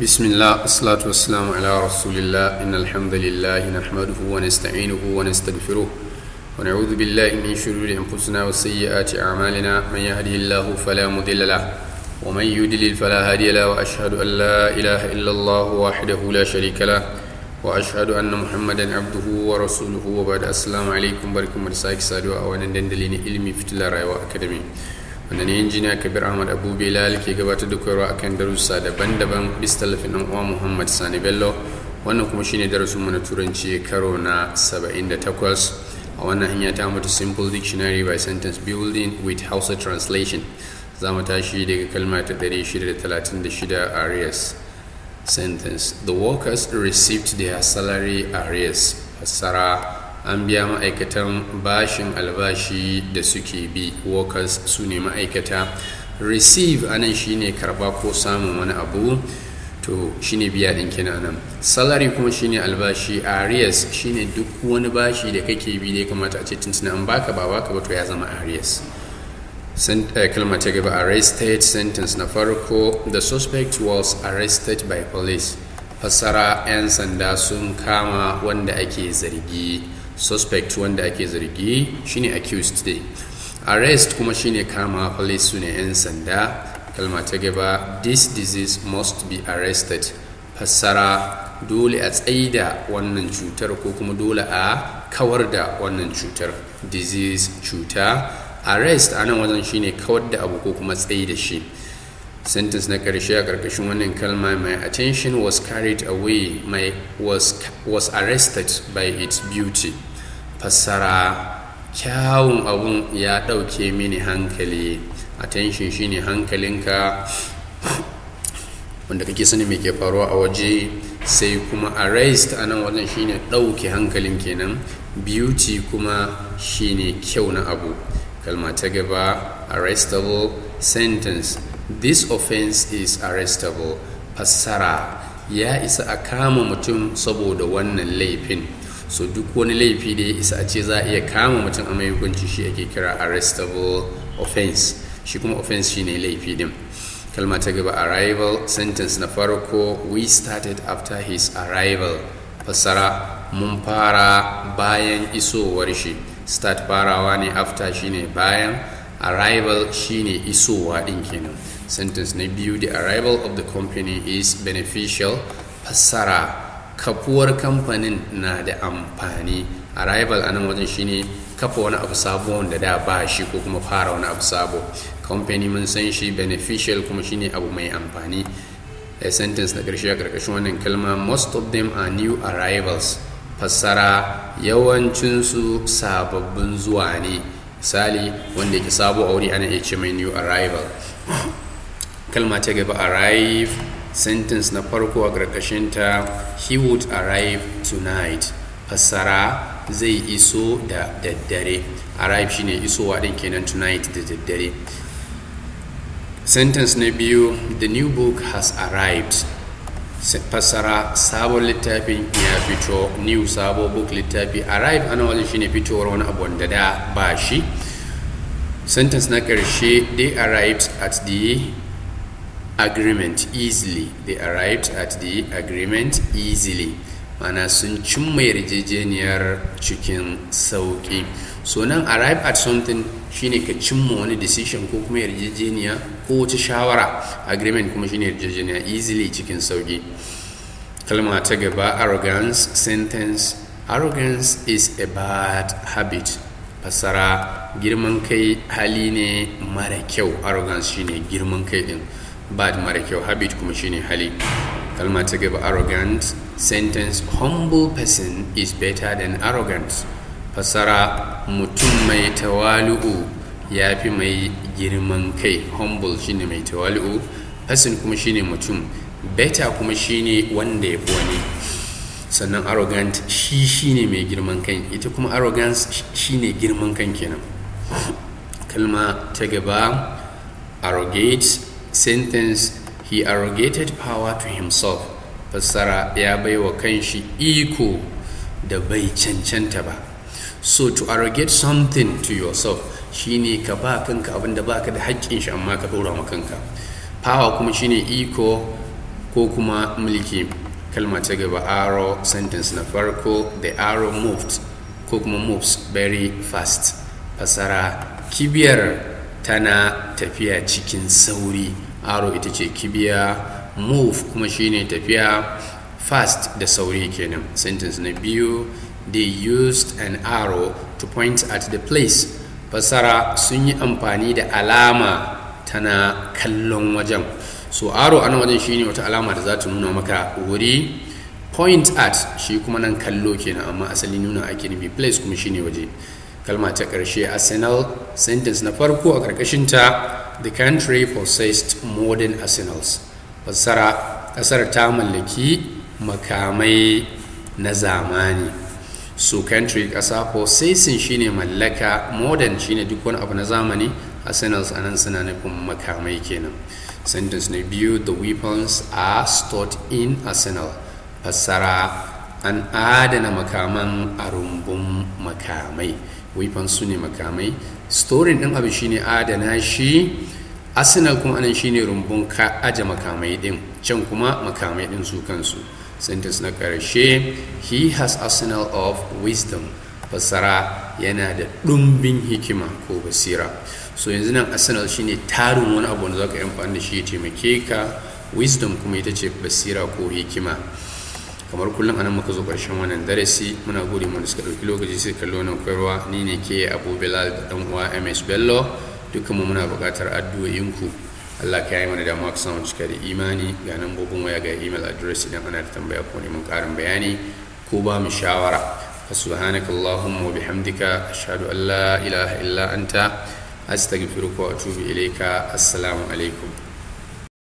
بسم الله والصلاة والسلام على رسول الله إن الحمد لله نحمده ونستعينه ونستغفره ونعوذ بالله من شرور أنفسنا وسيئات أعمالنا من يهده الله فلا مضل له ومن يدلل فلا هادي له وأشهد أن لا إله إلا الله وحده لا شريك له وأشهد أن محمدا عبده ورسوله وبعد السلام عليكم بركم ورسائك سادوا أولا دندلين علمي فتلا رأي وأكاديمي wanda ne injiniya kabir ahmad abu bilal ke gabatar da koyarwa akan darussa daban-daban bis tallafin ɗan uwa muhammad sani bello wannan kuma shine mu na turanci karo na 78 a wannan hanya ta mutu simple dictionary by sentence building with hausa translation za mu tashi daga kalma ta 636 arias sentence the workers received their salary arias fassara an biya ma'aikatan bashin albashi da suke bi workers su ne ma'aikata receive anan shine karba ko samun wani abu to shine biya din kina nan salary kuma shine albashi arias shine duk wani bashi da kake bi da ya kamata a ce tuntuna an baka ba baka ba to ya zama arias eh, kalmar ta gaba arrested sentence na farko the suspect was arrested by police fassara 'yan sanda sun kama wanda ake zargi suspect wanda ake zargi shine accused dai arrest kuma shine kama police su 'yan sanda kalma ta gaba this disease must be arrested fassara dole a tsaida wannan cutar ko kuma dole a kawar da wannan cutar disease cuta arrest a nan wajen shine kawar da abu ko kuma tsaida shi sentence na ƙarshe a ƙarƙashin wannan kalma my attention was carried away my was was arrested by its beauty fassara kyawun abun ya ɗauke mini hankali attention shine hankalinka wanda kake sani mai ke faruwa a waje sai kuma arrest a nan wajen shine ɗauke hankalin kenan beauty kuma shine kyau na abu kalma ta gaba arrestable sentence this offense is arrestable fassara ya isa a kama mutum saboda wannan laifin so duk wani laifi da ya isa a ce za a iya kama mutum a mai shi ake kira arrestable offense shi kuma offense ne laifi din kalma ta gaba arrival sentence na farko we started after his arrival fasara mun fara bayan isowar shi start farawa ne after shine bayan arrival shine isowa din kenan sentence na biyu the arrival of the company is beneficial fassara kafuwar kamfanin na da amfani arrival a nan wajen shine kafa wani abu sabo wanda da ba shi ko kuma fara wani abu sabo company mun san shi beneficial kuma shine abu mai amfani a eh, sentence na ƙarshe a ƙarƙashin wannan kalma most of them are new arrivals fassara yawancinsu sababbin zuwa ne misali wanda ke sabo a wuri ana iya ce mai new arrival kalma ta gaba arrive sentence na farko a ƙarƙashin ta he would arrive tonight fassara zai iso da daddare arrive shine isowa din kenan tonight da daddare sentence na biyu the new book has arrived fassara sabon littafin ya fito new sabo book littafi arrive ana wajen shine fitowar wani abu da da ba shi sentence na ƙarshe they arrived at the agreement easily they arrived at the agreement easily mana sun cimma yarjejeniyar cikin sauƙi so nan arrive at something shine ka cimma wani decision ko kuma yarjejeniya ko wata shawara agreement kuma shine yarjejeniya easily cikin sauƙi kalma ta gaba arrogance sentence arrogance is a bad habit fasara girman kai hali ne mara kyau arrogance shine girman kai din bad mara kyau habit kuma shine hali kalma ta gaba arrogant sentence humble person is better than arrogant fasara mutum mai tawalu'u ya fi mai girman kai humble shine mai tawalu'u person kuma shine mutum better kuma shine wanda ya fi wani sannan arrogant shi shine mai girman kai ita kuma arrogance shine girman kan kenan kalma ta gaba arrogate sentence he arrogated power to himself fassara ya bai wa kanshi iko da bai cancanta ba so to arrogate something to yourself shine ka ba kanka abin da baka da haƙƙin shi amma ka ɗora ma kanka power kuma shine iko ko kuma mulki kalma ta gaba arrow sentence na farko the arrow moved ko kuma moves very fast fasara kibiyar tana tafiya cikin sauri aro ita ce kibiya move kuma shine tafiya fast da sauri kenan sentence na biyu they used an arrow to point at the place fasara sun yi amfani da alama tana kallon wajen so arrow ana wajen shine wata alama da za ta nuna maka wuri point at shi kuma nan kallo kenan amma asali nuna ake nufi place kuma shine waje kalma ta ƙarshe arsenal sentence na farko a ƙarƙashinta the country possessed modern arsenals fassara ƙasar ta mallaki makamai na zamani So country ƙasa possessing shine mallaka modern shine duk wani abu na zamani arsenals anan suna nufin makamai kenan sentence na biyu the weapons are stored in arsenal fassara an adana makaman a rumbun makamai wifan su ne makamai storin din abu shine adana shi arsenal kuma anan shine rumbun ka aje makamai din can kuma makamai din su kansu sentence na karshe he has arsenal of wisdom Fasara yana da ɗumbin hikima ko basira so yanzu nan arsenal shine tarin wani abu wanda za ka yi amfani da shi ya taimake ka wisdom kuma ita ce basira ko hikima kamar kullum anan muka zo ƙarshen wannan darasi muna gode mu suka ɗauki lokaci suka kalli wannan koyarwa ni ne ke abu bilal da ɗan uwa ms bello dukkanmu muna buƙatar addu'o'inku allah ka yi mana dama ku samu cika da imani ga nan gobin waya ga email address idan ana da tambaya ko neman ƙarin bayani ko ba mu shawara فسبحانك اللهم وبحمدك أشهد أن لا إله إلا أنت أستغفرك وأتوب إليك السلام عليكم